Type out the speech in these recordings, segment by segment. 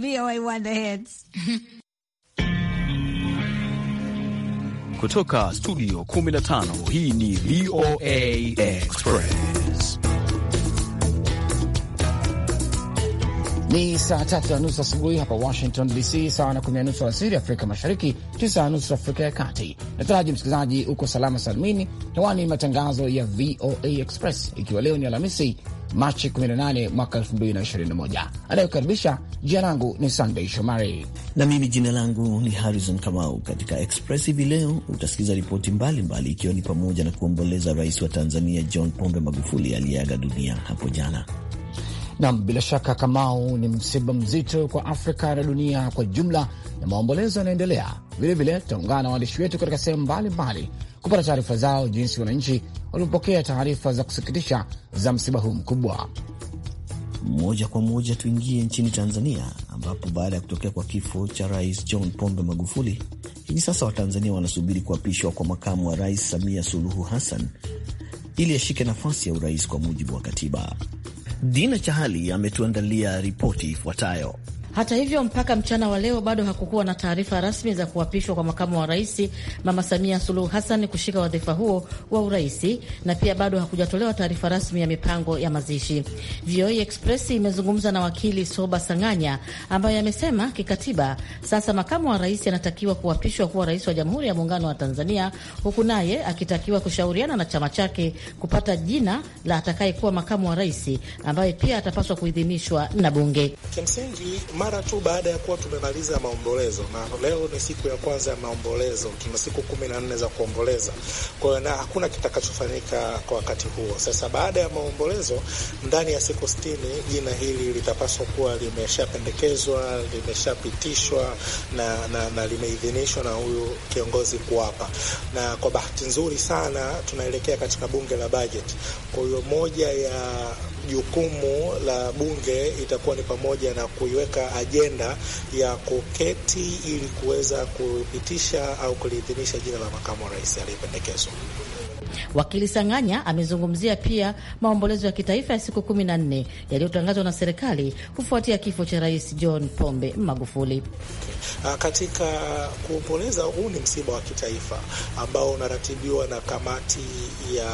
VOA Wonder Hits. Kutoka studio 15 hii ni VOA Express. Ni saa tatu na nusu asubuhi hapa Washington DC, sawa na kumi na nusu alasiri Afrika Mashariki, tisa na nusu Afrika ya Kati. Nataraji msikilizaji uko salama salmini. Hewani matangazo ya VOA Express, ikiwa leo ni Alhamisi Machi 18 mwaka 2021. Anayokaribisha, jina langu ni Sandey Shomari na mimi jina langu ni Harrison Kamau. Katika Express hivi leo utasikiza ripoti mbalimbali, ikiwa ni pamoja na kuomboleza rais wa Tanzania John Pombe Magufuli aliyeaga dunia hapo jana. Nam, bila shaka Kamau, ni msiba mzito kwa Afrika na dunia kwa jumla, na maombolezo yanaendelea. Vilevile tutaungana na waandishi wetu katika sehemu mbalimbali kupata taarifa zao jinsi wananchi waliopokea taarifa za kusikitisha za msiba huu mkubwa. Moja kwa moja tuingie nchini Tanzania, ambapo baada ya kutokea kwa kifo cha Rais John Pombe Magufuli, hivi sasa Watanzania wanasubiri kuapishwa kwa makamu wa rais Samia Suluhu Hassan ili ashike nafasi ya urais kwa mujibu wa katiba. Dina Chahali ametuandalia ripoti ifuatayo. Hata hivyo, mpaka mchana wa leo bado hakukuwa na taarifa rasmi za kuapishwa kwa makamu wa rais Mama Samia Suluhu Hassan kushika wadhifa huo wa uraisi, na pia bado hakujatolewa taarifa rasmi ya mipango ya mazishi. VOA Express imezungumza na wakili Soba Sang'anya ambaye amesema kikatiba sasa makamu wa rais anatakiwa kuapishwa kuwa rais wa Jamhuri ya Muungano wa Tanzania, huku naye akitakiwa kushauriana na chama chake kupata jina la atakayekuwa makamu wa rais ambaye pia atapaswa kuidhinishwa na Bunge. Kimsingi mara tu baada ya kuwa tumemaliza maombolezo, na leo ni siku ya kwanza ya maombolezo, tuna siku kumi na nne za kuomboleza. Kwa hiyo na hakuna kitakachofanyika kwa wakati huo. Sasa baada ya maombolezo, ndani ya siku sitini jina hili litapaswa kuwa limeshapendekezwa, limeshapitishwa na, na, na limeidhinishwa na huyu kiongozi kuwapa, na kwa bahati nzuri sana tunaelekea katika bunge la bajeti. Kwa hiyo moja ya jukumu la bunge itakuwa ni pamoja na kuiweka ajenda ya kuketi ili kuweza kupitisha au kuliidhinisha jina la makamu wa rais aliyependekezwa. Wakili Sang'anya amezungumzia pia maombolezo ya kitaifa ya siku kumi na nne yaliyotangazwa na serikali kufuatia kifo cha Rais John Pombe Magufuli. Ah, katika kuomboleza, huu ni msiba wa kitaifa ambao unaratibiwa na kamati ya,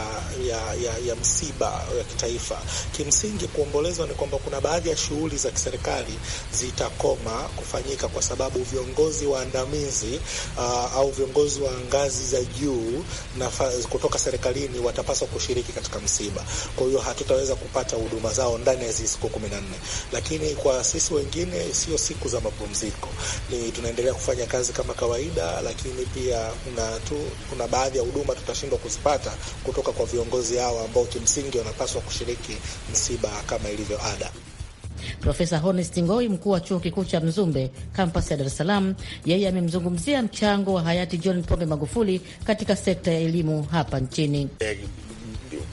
ya, ya, ya msiba ya kitaifa. Kimsingi, kuombolezwa ni kwamba kuna baadhi ya shughuli za kiserikali zitakoma kufanyika kwa sababu viongozi waandamizi uh, au viongozi wa ngazi za juu na kutoka serikali serikalini watapaswa kushiriki katika msiba. Kwa hiyo hatutaweza kupata huduma zao ndani ya hizi siku kumi na nne, lakini kwa sisi wengine sio siku za mapumziko, ni tunaendelea kufanya kazi kama kawaida, lakini pia kuna tu kuna baadhi ya huduma tutashindwa kuzipata kutoka kwa viongozi hao ambao kimsingi wanapaswa kushiriki msiba kama ilivyo ada. Profesa Honest Ngoi, mkuu wa chuo kikuu cha Mzumbe kampasi ya Dar es Salaam, yeye amemzungumzia mchango wa hayati John Pombe Magufuli katika sekta ya elimu hapa nchini. Eh,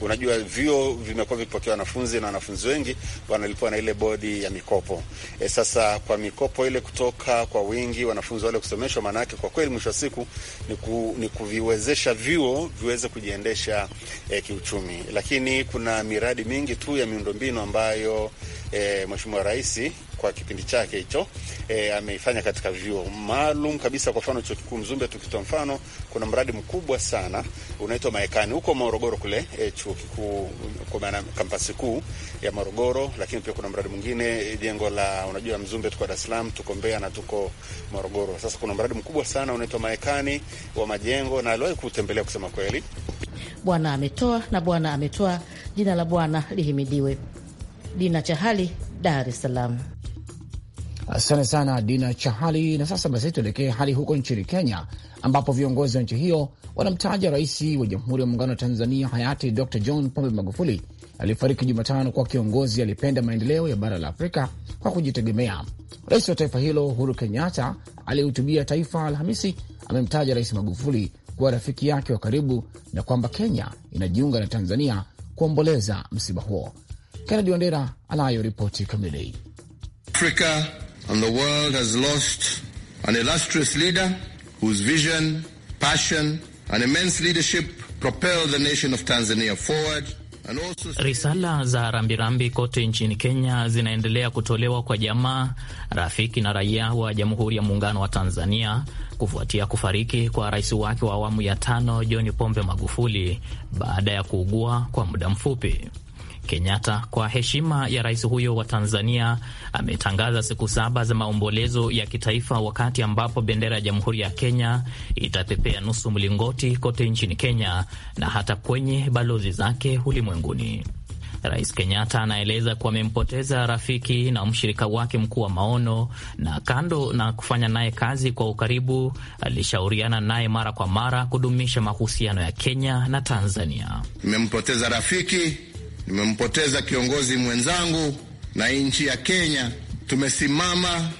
Unajua, vyuo vimekuwa vikipokea wanafunzi na wanafunzi wengi wanalipwa na ile bodi ya mikopo e. Sasa kwa mikopo ile kutoka kwa wingi wanafunzi wale kusomeshwa, maana yake kwa kweli mwisho wa siku ni, ku, ni kuviwezesha vyuo viweze kujiendesha e, kiuchumi, lakini kuna miradi mingi tu ya miundombinu ambayo e, Mheshimiwa Rais kwa kipindi chake hicho e, ameifanya katika vyuo maalum kabisa. Kwa mfano chuo kikuu Mzumbe, tukitoa mfano, kuna mradi mkubwa sana unaitwa Maekani huko Morogoro kule, e, chuo kikuu kwa maana kampasi kuu ya Morogoro, lakini pia kuna mradi mwingine e, jengo la unajua, Mzumbe tuko Dar es Salaam, tuko Mbeya na tuko Morogoro. Sasa kuna mradi mkubwa sana unaitwa Maekani wa majengo, na aliwahi kutembelea kusema kweli. Bwana ametoa na Bwana ametoa, jina la Bwana lihimidiwe. Dina Chahali, Dar es Salaam. Asante sana Dina Chahali. Na sasa basi tuelekee hali huko nchini Kenya, ambapo viongozi wa nchi hiyo wanamtaja rais wa Jamhuri ya Muungano wa Tanzania hayati Dr John Pombe Magufuli aliyefariki Jumatano kuwa kiongozi alipenda maendeleo ya bara la Afrika kwa kujitegemea. Rais wa taifa hilo Uhuru Kenyatta aliyehutubia taifa Alhamisi amemtaja Rais Magufuli kuwa rafiki yake wa karibu na kwamba Kenya inajiunga na Tanzania kuomboleza msiba huo. Kennedy wandera anayo ripoti kamili. Afrika and the world has lost an illustrious leader whose vision, passion and immense leadership propelled the nation of Tanzania forward. Risala za rambirambi kote nchini Kenya zinaendelea kutolewa kwa jamaa, rafiki na raia wa Jamhuri ya Muungano wa Tanzania kufuatia kufariki kwa rais wake wa awamu ya tano John Pombe Magufuli baada ya kuugua kwa muda mfupi. Kenyatta kwa heshima ya rais huyo wa Tanzania ametangaza siku saba za maombolezo ya kitaifa, wakati ambapo bendera ya Jamhuri ya Kenya itapepea nusu mlingoti kote nchini Kenya na hata kwenye balozi zake ulimwenguni. Rais Kenyatta anaeleza kuwa amempoteza rafiki na mshirika wake mkuu wa maono, na kando na kufanya naye kazi kwa ukaribu, alishauriana naye mara kwa mara kudumisha mahusiano ya Kenya na Tanzania. Nimempoteza rafiki Nimempoteza kiongozi mwenzangu, na nchi ya Kenya tumesimama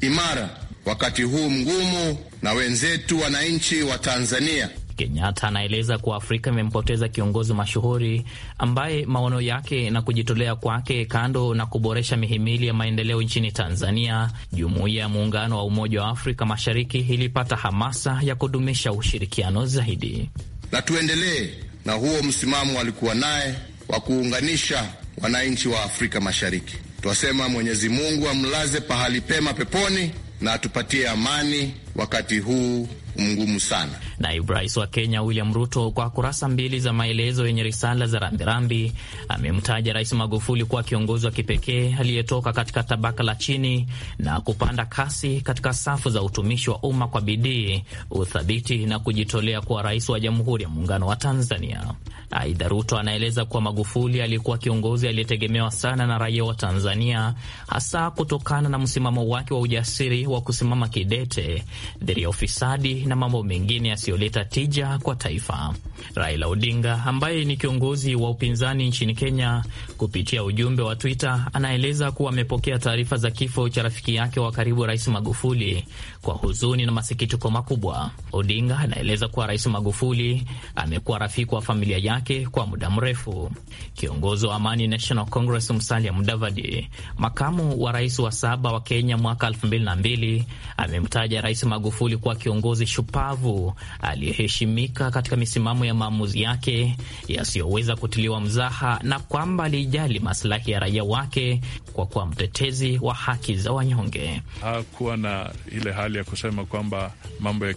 imara wakati huu mgumu, na wenzetu wananchi wa Tanzania Kenyatta anaeleza kuwa Afrika imempoteza kiongozi mashuhuri ambaye maono yake na kujitolea kwake, kando na kuboresha mihimili ya maendeleo nchini Tanzania, jumuiya ya muungano wa umoja wa Afrika Mashariki ilipata hamasa ya kudumisha ushirikiano zaidi. Na tuendelee na huo msimamo alikuwa naye wa kuunganisha wananchi wa Afrika Mashariki. Twasema Mwenyezi Mungu amlaze pahali pema peponi na atupatie amani wakati huu Eh, ngumu sana. Naibu rais wa Kenya William Ruto kwa kurasa mbili za maelezo yenye risala za rambirambi amemtaja Rais Magufuli kuwa kiongozi wa kipekee aliyetoka katika tabaka la chini na kupanda kasi katika safu za utumishi wa umma kwa bidii, uthabiti na kujitolea kuwa rais wa Jamhuri ya Muungano wa Tanzania. Aidha, Ruto anaeleza kuwa Magufuli alikuwa kiongozi aliyetegemewa sana na raia wa Tanzania, hasa kutokana na msimamo wake wa ujasiri wa kusimama kidete dhidi ya ufisadi na mambo mengine yasiyoleta tija kwa taifa. Raila Odinga ambaye ni kiongozi wa upinzani nchini Kenya, kupitia ujumbe wa Twitter anaeleza kuwa amepokea taarifa za kifo cha rafiki yake wa karibu Rais Magufuli kwa huzuni na masikitiko makubwa. Odinga anaeleza kuwa Rais Magufuli amekuwa rafiki wa familia yake kwa muda mrefu. Kiongozi wa Amani National Congress Musalia Mudavadi, makamu wa rais wa saba wa Kenya mwaka 2002 amemtaja Rais Magufuli kuwa kiongozi shupavu aliyeheshimika katika misimamo ya maamuzi yake yasiyoweza kutiliwa mzaha na kwamba alijali masilahi ya raia wake kwa kuwa mtetezi wa haki za wanyonge. Hakuwa na ile hali ya kusema kwamba mambo ya,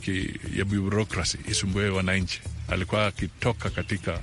ya biurokrasi isumbue wananchi. Alikuwa akitoka katika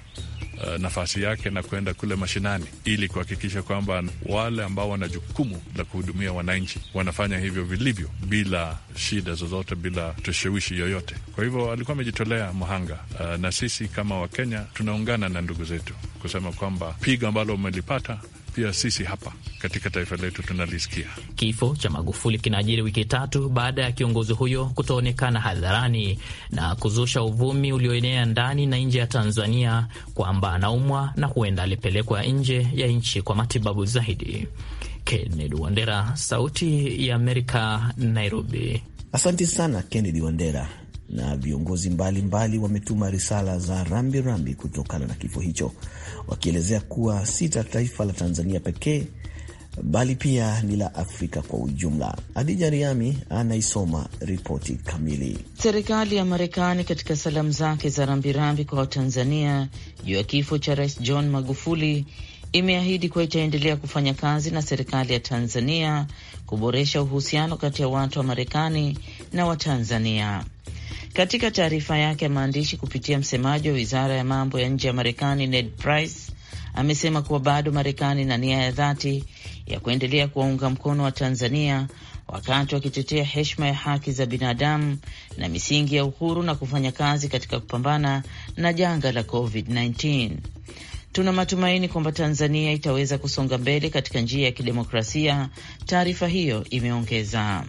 Eh, nafasi yake na kwenda kule mashinani ili kuhakikisha kwamba wale ambao wana jukumu la kuhudumia wananchi wanafanya hivyo vilivyo bila shida zozote, bila tushawishi yoyote. Kwa hivyo alikuwa amejitolea mhanga, uh, na sisi kama Wakenya tunaungana na ndugu zetu kusema kwamba pigo ambalo umelipata pia sisi hapa katika taifa letu tunalisikia. Kifo cha Magufuli kinaajiri wiki tatu baada ya kiongozi huyo kutoonekana hadharani na kuzusha uvumi ulioenea ndani na nje ya Tanzania kwamba anaumwa na huenda alipelekwa nje ya nchi kwa matibabu zaidi. Kennedy Wandera, Sauti ya Amerika, Nairobi. Asante sana Kennedy Wandera na viongozi mbalimbali wametuma risala za rambirambi kutokana na kifo hicho, wakielezea kuwa si ta taifa la Tanzania pekee bali pia ni la Afrika kwa ujumla. Adija Riami anaisoma ripoti kamili. Serikali ya Marekani katika salamu zake za rambirambi kwa Watanzania juu ya kifo cha Rais John Magufuli imeahidi kuwa itaendelea kufanya kazi na serikali ya Tanzania kuboresha uhusiano kati ya watu wa Marekani na Watanzania katika taarifa yake ya maandishi kupitia msemaji wa wizara ya mambo ya nje ya Marekani Ned Price amesema kuwa bado Marekani na nia ya dhati ya kuendelea kuwaunga mkono wa Tanzania wakati wakitetea heshima ya haki za binadamu na misingi ya uhuru na kufanya kazi katika kupambana na janga la COVID-19. Tuna matumaini kwamba Tanzania itaweza kusonga mbele katika njia ya kidemokrasia, taarifa hiyo imeongeza.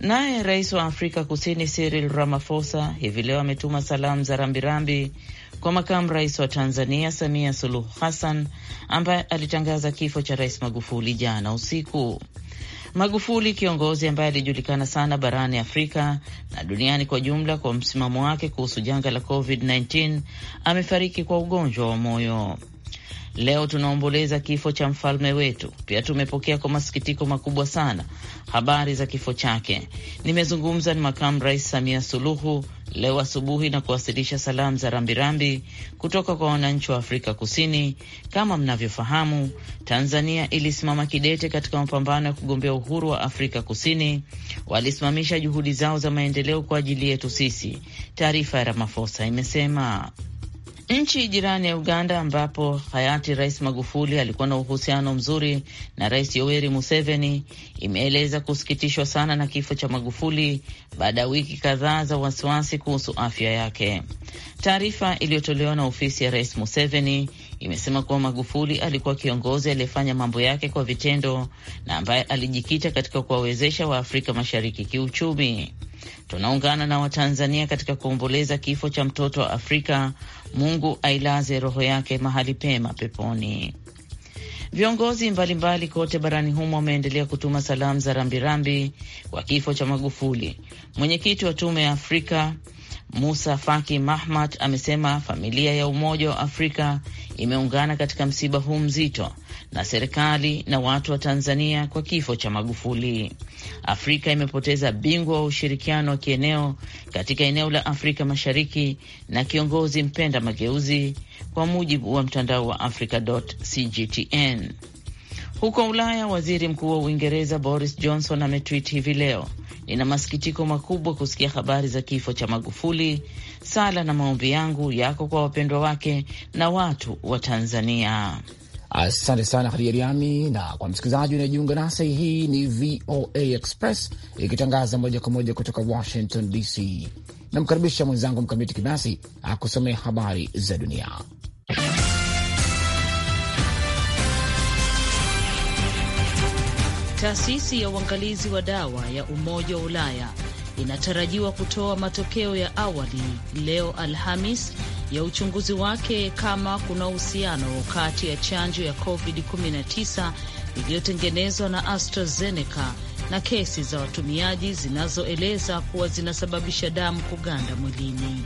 Naye rais wa Afrika Kusini Cyril Ramaphosa hivi leo ametuma salamu za rambirambi kwa makamu rais wa Tanzania Samia Suluhu Hassan ambaye alitangaza kifo cha Rais Magufuli jana usiku. Magufuli, kiongozi ambaye alijulikana sana barani Afrika na duniani kwa jumla kwa msimamo wake kuhusu janga la COVID-19, amefariki kwa ugonjwa wa moyo. Leo tunaomboleza kifo cha mfalme wetu. Pia tumepokea kwa masikitiko makubwa sana habari za kifo chake. Nimezungumza na makamu rais Samia Suluhu leo asubuhi na kuwasilisha salamu za rambirambi kutoka kwa wananchi wa Afrika Kusini. Kama mnavyofahamu, Tanzania ilisimama kidete katika mapambano ya kugombea uhuru wa Afrika Kusini. Walisimamisha juhudi zao za maendeleo kwa ajili yetu sisi, taarifa ya ramafosa imesema. Nchi jirani ya Uganda, ambapo hayati Rais Magufuli alikuwa na uhusiano mzuri na Rais Yoweri Museveni, imeeleza kusikitishwa sana na kifo cha Magufuli baada ya wiki kadhaa za wasiwasi kuhusu afya yake. Taarifa iliyotolewa na ofisi ya Rais Museveni imesema kuwa Magufuli alikuwa kiongozi aliyefanya mambo yake kwa vitendo na ambaye alijikita katika kuwawezesha Waafrika Mashariki kiuchumi. Tunaungana na Watanzania katika kuomboleza kifo cha mtoto wa Afrika. Mungu ailaze roho yake mahali pema peponi. Viongozi mbalimbali mbali kote barani humo wameendelea kutuma salamu za rambirambi kwa kifo cha Magufuli. Mwenyekiti wa Tume ya Afrika Musa Faki mahmat amesema familia ya Umoja wa Afrika imeungana katika msiba huu mzito na serikali na watu wa Tanzania kwa kifo cha Magufuli. Afrika imepoteza bingwa wa ushirikiano wa kieneo katika eneo la Afrika Mashariki na kiongozi mpenda mageuzi, kwa mujibu wa mtandao wa Africa.cgtn. Huko Ulaya, waziri mkuu wa Uingereza Boris Johnson ametwit hivi leo, nina masikitiko makubwa kusikia habari za kifo cha Magufuli. Sala na maombi yangu yako kwa wapendwa wake na watu wa Tanzania. Asante sana Hadia Riami. Na kwa msikilizaji unayejiunga nasi, hii ni VOA Express ikitangaza moja kwa moja kutoka Washington DC. Namkaribisha mwenzangu Mkamiti Kibasi akusomea habari za dunia. Taasisi ya uangalizi wa dawa ya Umoja wa Ulaya inatarajiwa kutoa matokeo ya awali leo Alhamis ya uchunguzi wake kama kuna uhusiano kati ya chanjo ya COVID-19 iliyotengenezwa na AstraZeneca na kesi za watumiaji zinazoeleza kuwa zinasababisha damu kuganda mwilini.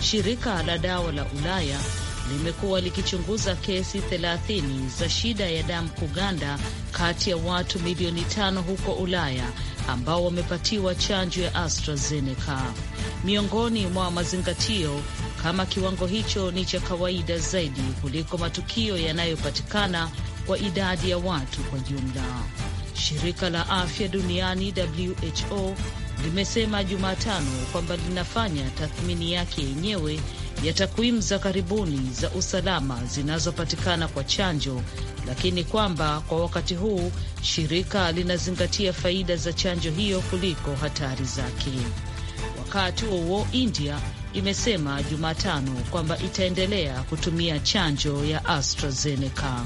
Shirika la dawa la Ulaya limekuwa likichunguza kesi 30 za shida ya damu kuganda kati ya watu milioni tano huko Ulaya ambao wamepatiwa chanjo ya AstraZeneca. Miongoni mwa mazingatio kama kiwango hicho ni cha kawaida zaidi kuliko matukio yanayopatikana kwa idadi ya watu kwa jumla. Shirika la Afya Duniani WHO limesema Jumatano kwamba linafanya tathmini yake yenyewe ya takwimu za karibuni za usalama zinazopatikana kwa chanjo, lakini kwamba kwa wakati huu shirika linazingatia faida za chanjo hiyo kuliko hatari zake. Wakati huo huo, India imesema Jumatano kwamba itaendelea kutumia chanjo ya AstraZeneca.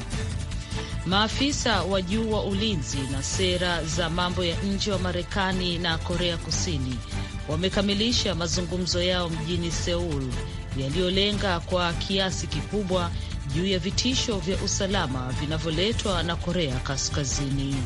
Maafisa wa juu wa ulinzi na sera za mambo ya nje wa Marekani na Korea Kusini wamekamilisha mazungumzo yao mjini Seul yaliyolenga kwa kiasi kikubwa juu ya vitisho vya usalama vinavyoletwa na Korea Kaskazini.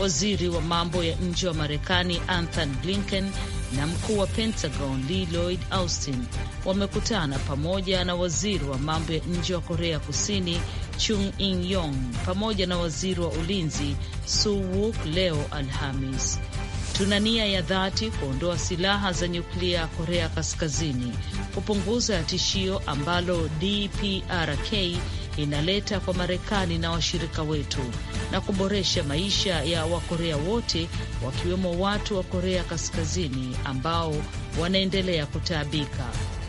Waziri wa mambo ya nje wa Marekani Anthony Blinken na mkuu wa Pentagon Lee Lloyd Austin wamekutana pamoja na waziri wa mambo ya nje wa Korea Kusini Chung In Yong pamoja na waziri wa ulinzi suwuk leo Alhamis tuna nia ya dhati kuondoa silaha za nyuklia Korea Kaskazini, kupunguza tishio ambalo DPRK inaleta kwa Marekani na washirika wetu na kuboresha maisha ya Wakorea wote wakiwemo watu wa Korea Kaskazini ambao wanaendelea kutaabika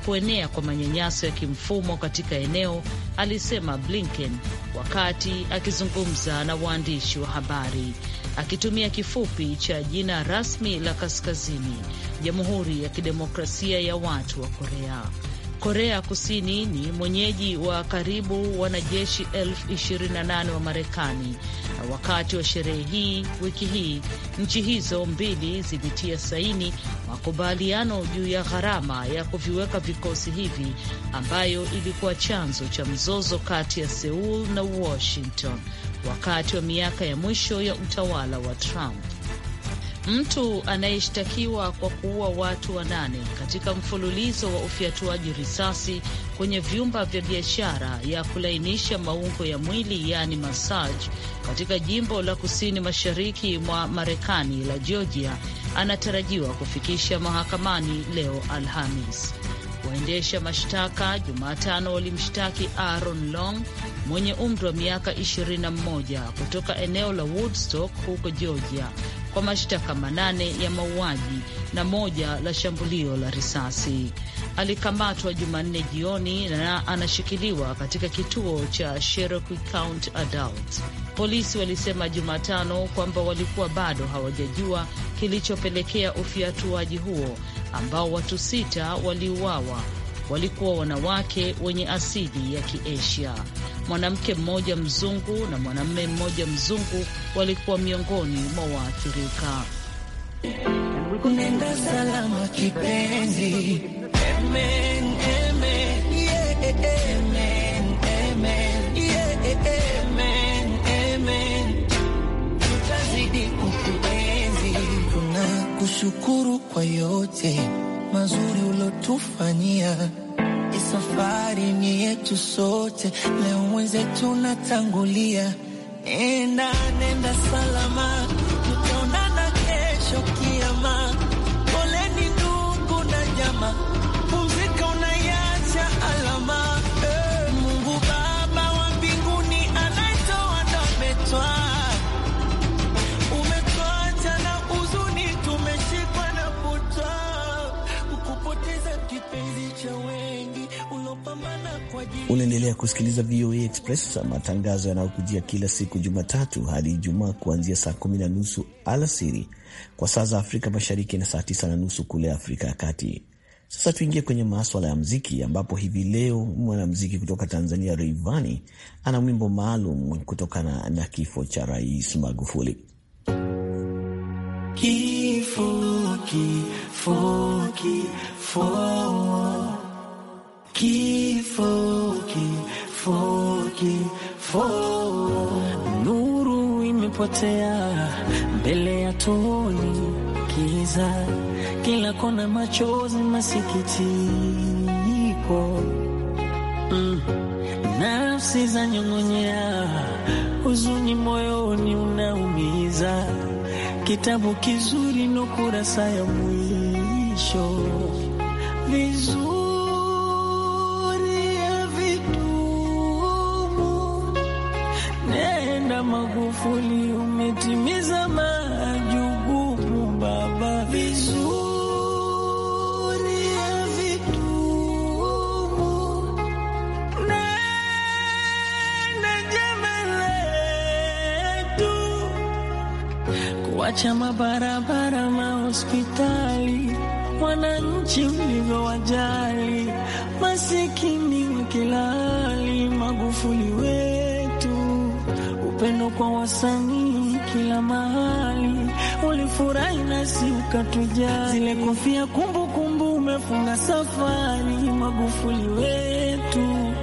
kuenea kwa manyanyaso ya kimfumo katika eneo, alisema Blinken wakati akizungumza na waandishi wa habari akitumia kifupi cha jina rasmi la Kaskazini Jamhuri ya Kidemokrasia ya Watu wa Korea. Korea Kusini ni mwenyeji wa karibu wanajeshi elfu wa Marekani, na wakati wa sherehe hii wiki hii nchi hizo mbili zilitia saini makubaliano juu ya gharama ya kuviweka vikosi hivi, ambayo ilikuwa chanzo cha mzozo kati ya Seul na Washington wakati wa miaka ya mwisho ya utawala wa Trump. Mtu anayeshtakiwa kwa kuua watu wanane katika mfululizo wa ufyatuaji risasi kwenye vyumba vya biashara ya kulainisha maungo ya mwili yaani massage katika jimbo la kusini mashariki mwa Marekani la Georgia anatarajiwa kufikisha mahakamani leo Alhamis. Waendesha mashtaka Jumatano walimshtaki Aaron Long mwenye umri wa miaka 21 kutoka eneo la Woodstock huko Georgia kwa mashtaka manane ya mauaji na moja la shambulio la risasi. Alikamatwa Jumanne jioni na anashikiliwa katika kituo cha Cherokee County Adult. Polisi walisema Jumatano kwamba walikuwa bado hawajajua kilichopelekea ufiatuaji huo ambao watu sita waliuawa walikuwa wanawake wenye asili ya Kiasia. Mwanamke mmoja mzungu na mwanamume mmoja mzungu walikuwa miongoni mwa waathirika. Nenda salama kipenzi, yeah, kushukuru kwa yote mazuri ulotufanyia. Ni safari ni yetu sote, leo mwenzetu natangulia. Enda nenda salama, tutaonana kesho kiama. Poleni ndugu na jamaa. Unaendelea kusikiliza VOA Express, matangazo yanayokujia kila siku Jumatatu hadi Ijumaa kuanzia saa kumi na nusu alasiri kwa saa za Afrika Mashariki na saa tisa na nusu kule Afrika ya Kati. Sasa tuingie kwenye maswala ya mziki, ambapo hivi leo mwanamziki kutoka Tanzania Reivani ana mwimbo maalum kutokana na kifo cha Rais Magufuli. Kifo, kifo, kifo. Kifo, kifo, kifo, nuru imepotea mbele ya toni, kiza kila kona, machozi, masikitiko mm. Nafsi za nyong'onyea, huzuni moyoni unaumiza, kitabu kizuri no kurasa ya mwisho Vizu Magufuli, umetimiza majukumu baba vizuri. Wacha mabarabara, mahospitali, wananchi ulivyowajali, masikini mkilala maneno kwa wasanii kila mahali, ulifurahi nasi ukatujali. Zile kofia kumbukumbu, umefunga safari. Magufuli wetu,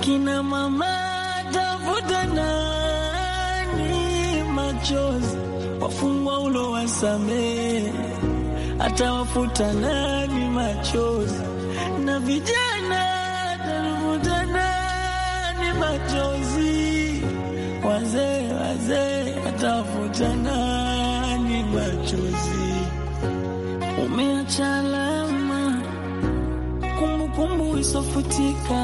kina mama tafuta nani? Machozi wafungwa ulo wasamee hata wafuta nani? Machozi na vijana tafuta nani? Machozi wazee wazee atafuta nani machozi, umeacha alama, kumbukumbu isofutika,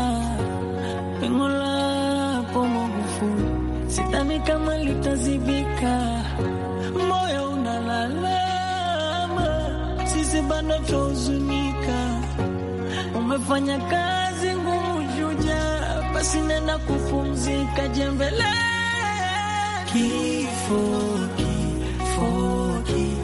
pengo lako Magufuli, sidhani kama litazibika, moyo unalalama, sisi bado tuhuzunika, umefanya kazi ngumu, shujaa, basi nenda kupumzika jembele Forgive, forgive, forgive.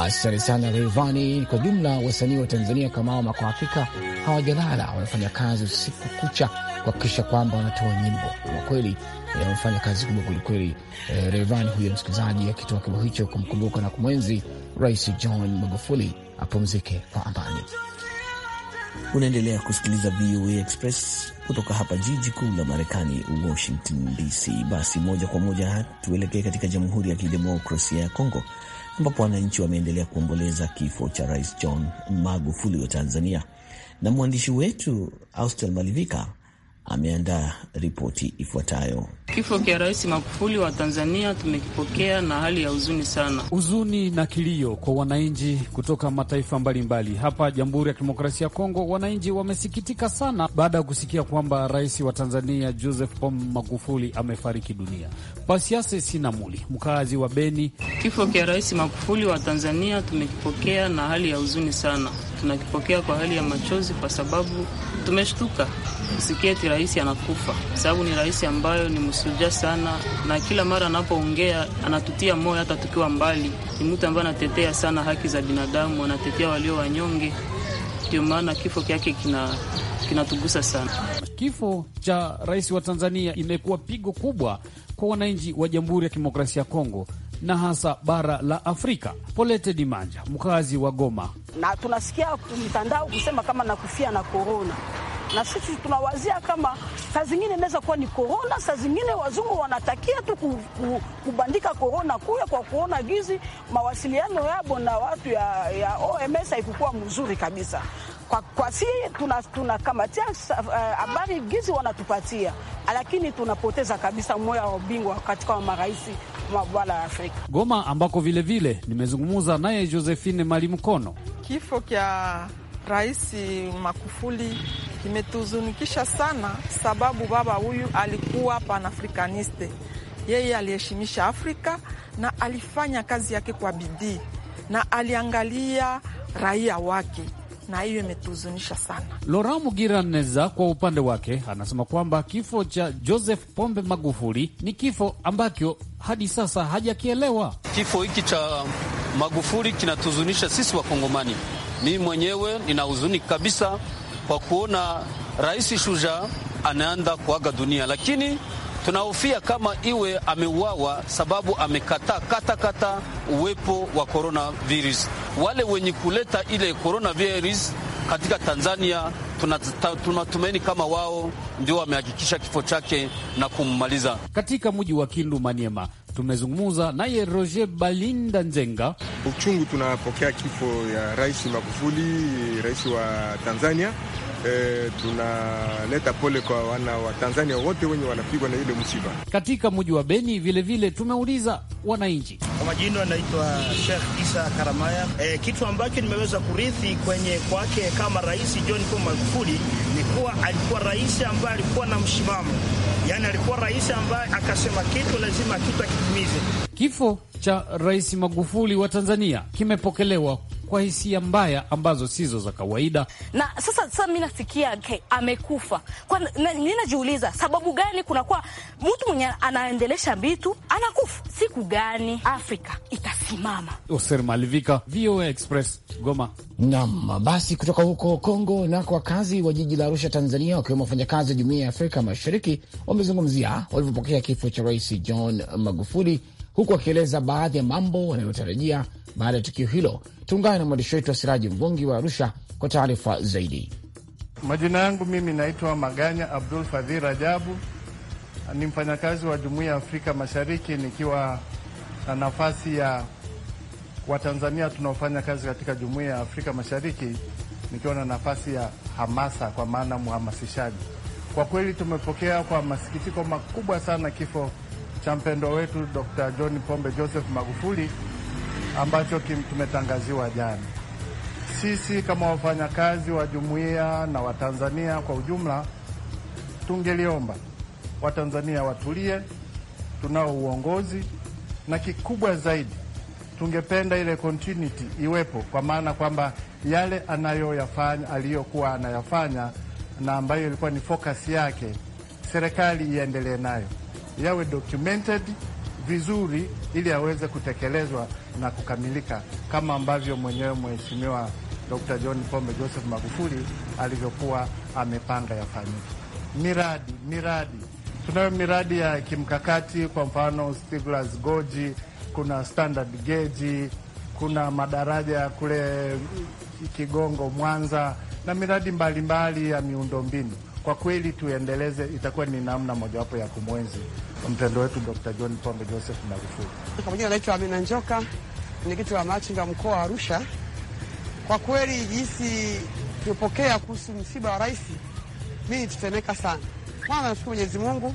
Asante sana Reivani. Kwa jumla wasanii wa Tanzania kama kamaama kwa hakika hawajalala, wamefanya kazi usiku kucha kuhakikisha kwamba wanatoa nyimbo. Kwa kweli eh, wamefanya kazi kubwa kwelikweli. E, eh, Reivani huyo msikilizaji akitoa kibao hicho kumkumbuka na kumwenzi Rais John Magufuli, apumzike kwa amani. Unaendelea kusikiliza VOA Express kutoka hapa jiji kuu la Marekani, Washington DC. Basi moja kwa moja tuelekee katika Jamhuri ya Kidemokrasia ya Kongo ambapo wananchi wameendelea kuomboleza kifo cha Rais John Magufuli wa Tanzania. Na mwandishi wetu Austel Malivika ameandaa ripoti ifuatayo. Kifo kya Rais Magufuli wa Tanzania tumekipokea na hali ya huzuni sana, huzuni na kilio kwa wananchi kutoka mataifa mbalimbali mbali. Hapa Jamhuri ya Kidemokrasia ya Kongo wananchi wamesikitika sana baada ya kusikia kwamba rais wa Tanzania Joseph Pombe Magufuli amefariki dunia. Pasiase Sinamuli, mkazi wa Beni: kifo kya Rais Magufuli wa Tanzania tumekipokea na hali ya huzuni sana tunakipokea kwa hali ya machozi, kwa sababu tumeshtuka kusikia ti rais anakufa, kwa sababu ni rais ambayo ni msuja sana, na kila mara anapoongea anatutia moyo hata tukiwa mbali. Ni mtu ambaye anatetea sana haki za binadamu, anatetea walio wanyonge. Ndio maana kifo kyake kina kinatugusa sana. Kifo cha rais wa Tanzania imekuwa pigo kubwa kwa wananchi wa Jamhuri ya Kidemokrasia ya Kongo na hasa bara la Afrika. Polete Dimanja, mkazi wa Goma. Na tunasikia mtandao kusema kama nakufia na korona na sisi tunawazia kama saa zingine inaweza kuwa ni korona, saa zingine wazungu wanatakia tu ku, ku, kubandika korona kuya kwa kuona gizi mawasiliano yabo na watu ya, ya OMS haikukuwa mzuri kabisa kwa, kwa si tunakamatia tuna eh, habari uh, gizi wanatupatia, lakini tunapoteza kabisa moya wa ubingwa katika marais wa bara ya Afrika. Goma ambako vilevile nimezungumza naye Josephine Mali Mkono. Kifo kya Rais Magufuli kimetuzunikisha sana, sababu baba huyu alikuwa panafrikaniste, yeye aliheshimisha Afrika na alifanya kazi yake kwa bidii na aliangalia raia wake na hiyo imetuhuzunisha sana. Mugira Neza kwa upande wake anasema kwamba kifo cha Joseph Pombe Magufuli ni kifo ambacho hadi sasa hajakielewa. Kifo hiki cha Magufuli kinatuhuzunisha sisi Wakongomani. Mimi mwenyewe nina huzuni kabisa kwa kuona rais Shuja anaenda kuaga dunia, lakini tunahofia kama iwe ameuawa sababu amekataa kata katakata uwepo wa coronavirus. Wale wenye kuleta ile coronavirus katika Tanzania tunatumaini kama wao ndio wamehakikisha kifo chake na kummaliza. Katika mji wa Kindu Maniema, tumezungumza naye Roger Balinda Njenga. Uchungu tunapokea kifo ya Rais Magufuli, rais wa Tanzania E, tunaleta pole kwa wana wa Tanzania wote wenye wanapigwa na ile msiba katika mji wa Beni. Vile vile tumeuliza wananchi kwa majina. Anaitwa Sheikh Isa Karamaya. E, kitu ambacho nimeweza kurithi kwenye kwake kama Rais John Pombe Magufuli ni kuwa alikuwa rais ambaye alikuwa na msimamo, yani alikuwa rais ambaye akasema kitu lazima kitu akitimize. Kifo cha Rais Magufuli wa Tanzania kimepokelewa kwa hisia mbaya ambazo sizo za kawaida. Na sasa sasa mi nasikia okay, amekufa kwa, mi najiuliza sababu gani kunakuwa mtu mwenye anaendelesha vitu anakufa. Siku gani Afrika itasimama? Oser Malivika, VOA Express, Goma. Nam basi, kutoka huko Kongo na kwa wakazi wa jiji la Arusha, Tanzania, wakiwemo wafanyakazi wa Jumuiya ya Afrika Mashariki wamezungumzia walivyopokea kifo cha Rais John Magufuli huku akieleza baadhi ya mambo wanayotarajia baada ya tukio hilo. Tuungane na mwandishi wetu wa Siraji Mvungi wa Arusha kwa taarifa zaidi. Majina yangu mimi naitwa Maganya Abdul Fadhil Rajabu, ni mfanyakazi wa Jumuiya ya Afrika Mashariki, nikiwa na nafasi ya Watanzania tunaofanya kazi katika Jumuiya ya Afrika Mashariki, nikiwa na nafasi ya hamasa, kwa maana mhamasishaji. Kwa kweli tumepokea kwa masikitiko makubwa sana kifo cha mpendo wetu Dr. John Pombe Joseph Magufuli ambacho tumetangaziwa jana. Sisi kama wafanyakazi wa jumuiya na Watanzania kwa ujumla, tungeliomba Watanzania watulie, tunao uongozi, na kikubwa zaidi tungependa ile continuity iwepo, kwa maana kwamba yale anayoyafanya aliyokuwa anayafanya na ambayo ilikuwa ni focus yake, serikali iendelee nayo yawe documented vizuri ili yaweze kutekelezwa na kukamilika kama ambavyo mwenyewe Mheshimiwa Dr. John Pombe Joseph Magufuli alivyokuwa amepanga yafanyike. Miradi, miradi tunayo miradi ya kimkakati, kwa mfano Stiglas Goji, kuna standard geji, kuna madaraja kule Kigongo Mwanza, na miradi mbalimbali mbali ya miundombinu kwa kweli tuendeleze, itakuwa ni namna mojawapo ya kumwenzi mpendo wetu Dr. John Pombe Joseph Magufuli. Kwa jina naitwa Amina Njoka, mwenyekiti wa machinga mkoa wa Arusha. Kwa kweli jinsi tuliopokea kuhusu msiba wa rais, mii nitetemeka sana. Kwanza nashukuru Mwenyezi Mungu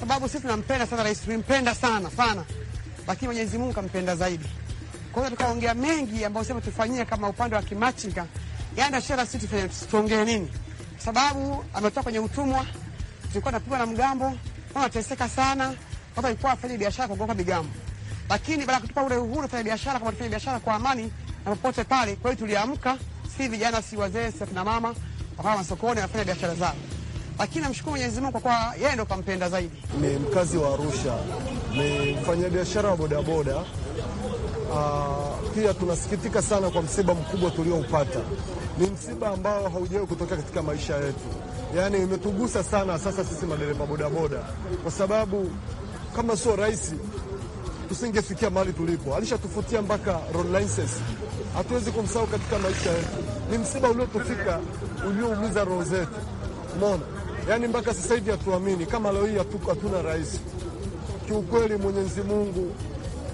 sababu sisi tunampenda sana rais, tulimpenda sana sana, lakini Mwenyezi Mungu kampenda zaidi. Kwa hiyo tukaongea mengi ambayo sema tufanyie kama upande wa kimachinga, yaani ashera sisi tuongee nini kwa sababu ametoka kwenye utumwa. Tulikuwa tunapigwa na mgambo, anateseka sana, kwamba ilikuwa afanye biashara kwa kuogopa migambo, lakini baada ya kutupa ule uhuru fanya biashara kwa tufanye biashara kwa amani na popote pale. Kwa hiyo tuliamka, si vijana, si wazee, si akina mama, wakawa masokoni wanafanya biashara zao lakini namshukuru Mwenyezi Mungu kwa kuwa yeye ndo kampenda zaidi. Ni mkazi wa Arusha, ni mfanyabiashara wa bodaboda. Ah, pia tunasikitika sana kwa msiba mkubwa tulioupata ni msiba ambao haujawahi kutokea katika maisha yetu, yaani imetugusa sana sasa sisi madereva bodaboda, kwa sababu kama sio rais tusingefikia mahali tulipo. Alishatufutia mpaka road license, hatuwezi kumsahau katika maisha yetu. Ni msiba uliotufika ulioumiza roho zetu, umeona yaani mpaka sasa hivi hatuamini kama leo hii hatuna rais. Kiukweli, Mwenyezi Mungu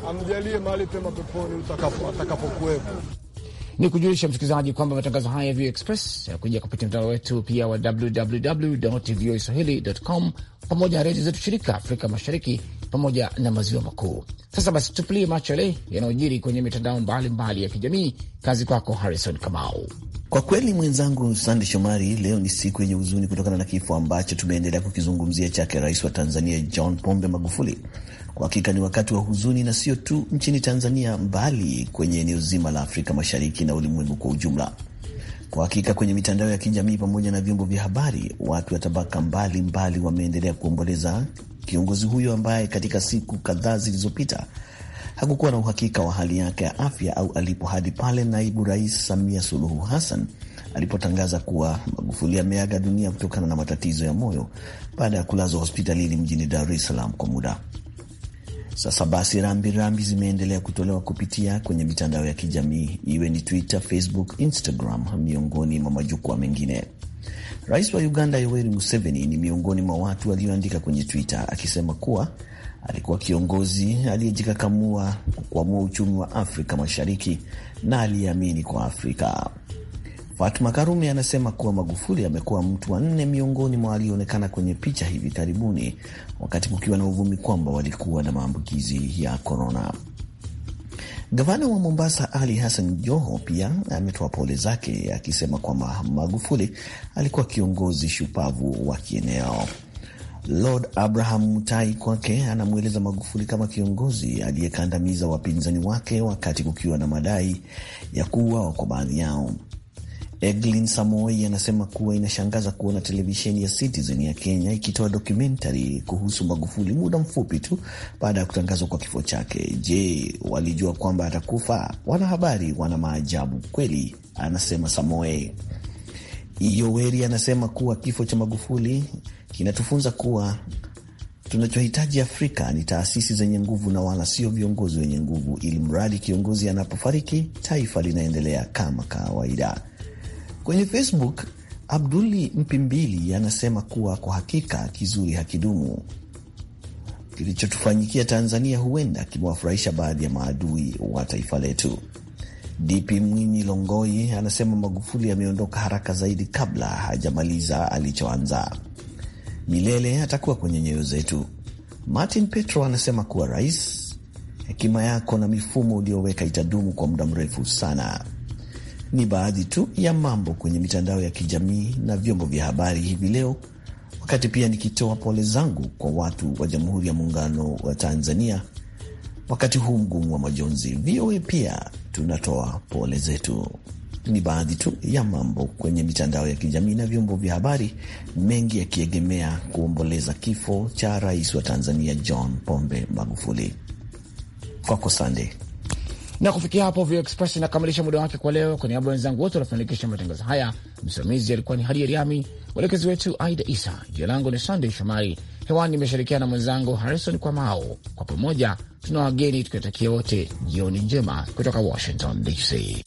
amjalie mahali pema peponi atakapokuwepo. Ni kujulisha msikilizaji kwamba matangazo haya ya VOA Express yanakuja kupitia mtandao wetu pia wa www voa swahilicom, pamoja na redio zetu shirika Afrika Mashariki pamoja na maziwa makuu. Sasa basi, tupilie macho yale yanayojiri kwenye mitandao mbalimbali ya kijamii. Kazi kwako Harrison Kamau. Kwa kweli mwenzangu Sande Shomari, leo ni siku yenye huzuni kutokana na kifo ambacho tumeendelea kukizungumzia chake rais wa Tanzania John Pombe Magufuli. Kwa hakika ni wakati wa huzuni, na sio tu nchini Tanzania, bali kwenye eneo zima la Afrika Mashariki na ulimwengu kwa ujumla. Kwa hakika kwenye mitandao ya kijamii pamoja na vyombo vya habari, watu wa tabaka mbalimbali wameendelea kuomboleza kiongozi huyo ambaye katika siku kadhaa zilizopita hakukuwa na uhakika wa hali yake ya afya au alipo hadi pale naibu rais Samia Suluhu Hassan alipotangaza kuwa Magufuli ameaga dunia kutokana na matatizo ya moyo baada ya kulazwa hospitalini mjini Dar es Salaam kwa muda. Sasa basi, rambirambi zimeendelea kutolewa kupitia kwenye mitandao ya kijamii, iwe ni Twitter, Facebook, Instagram, miongoni mwa majukwaa mengine. Rais wa Uganda Yoweri Museveni ni miongoni mwa watu walioandika kwenye Twitter akisema kuwa alikuwa kiongozi aliyejikakamua kukwamua uchumi wa Afrika Mashariki na aliyeamini kwa Afrika. Fatma Karume anasema kuwa Magufuli amekuwa mtu wa nne miongoni mwa walioonekana kwenye picha hivi karibuni, wakati kukiwa na uvumi kwamba walikuwa na maambukizi ya korona. Gavana wa Mombasa Ali Hassan Joho pia ametoa pole zake akisema kwamba Magufuli alikuwa kiongozi shupavu wa kieneo. Lord Abraham Mutai kwake anamweleza Magufuli kama kiongozi aliyekandamiza wapinzani wake wakati kukiwa na madai ya kuuawa kwa baadhi yao. Eglin Samoei anasema kuwa inashangaza kuona televisheni ya Citizen ya Kenya ikitoa dokumentari kuhusu Magufuli muda mfupi tu baada ya kutangazwa kwa kifo chake. Je, walijua kwamba atakufa? Wanahabari wana maajabu kweli, anasema Samoei. Yoweri anasema kuwa kifo cha Magufuli kinatufunza kuwa tunachohitaji Afrika ni taasisi zenye nguvu na wala sio viongozi wenye nguvu, ili mradi kiongozi anapofariki taifa linaendelea kama kawaida. Kwenye Facebook, Abduli Mpimbili anasema kuwa kwa hakika kizuri hakidumu. Kilichotufanyikia Tanzania huenda kimewafurahisha baadhi ya maadui wa taifa letu. DP Mwinyi Longoi anasema Magufuli ameondoka haraka zaidi kabla hajamaliza alichoanza. Milele atakuwa kwenye nyoyo zetu. Martin Petro anasema kuwa rais, hekima yako na mifumo ulioweka itadumu kwa muda mrefu sana. Ni baadhi tu ya mambo kwenye mitandao ya kijamii na vyombo vya habari hivi leo, wakati pia nikitoa pole zangu kwa watu wa Jamhuri ya Muungano wa Tanzania wakati huu mgumu wa majonzi. VOA pia tunatoa pole zetu. Ni baadhi tu ya mambo kwenye mitandao ya kijamii na vyombo vya habari, mengi yakiegemea kuomboleza kifo cha rais wa Tanzania John Pombe Magufuli. Kwako Sande. Na kufikia hapo, Vio Express inakamilisha muda wake kwa leo. Kwa niaba wenzangu wote wanafanikisha matangazo haya, msimamizi alikuwa ni Hadia Riami, mwelekezi wetu Aida Isa. Jina langu ni Sandey Shomari, hewani nimeshirikiana na mwenzangu Harrison Kwamao. Kwa pamoja tuna wageni tukiwatakia wote jioni njema kutoka Washington DC.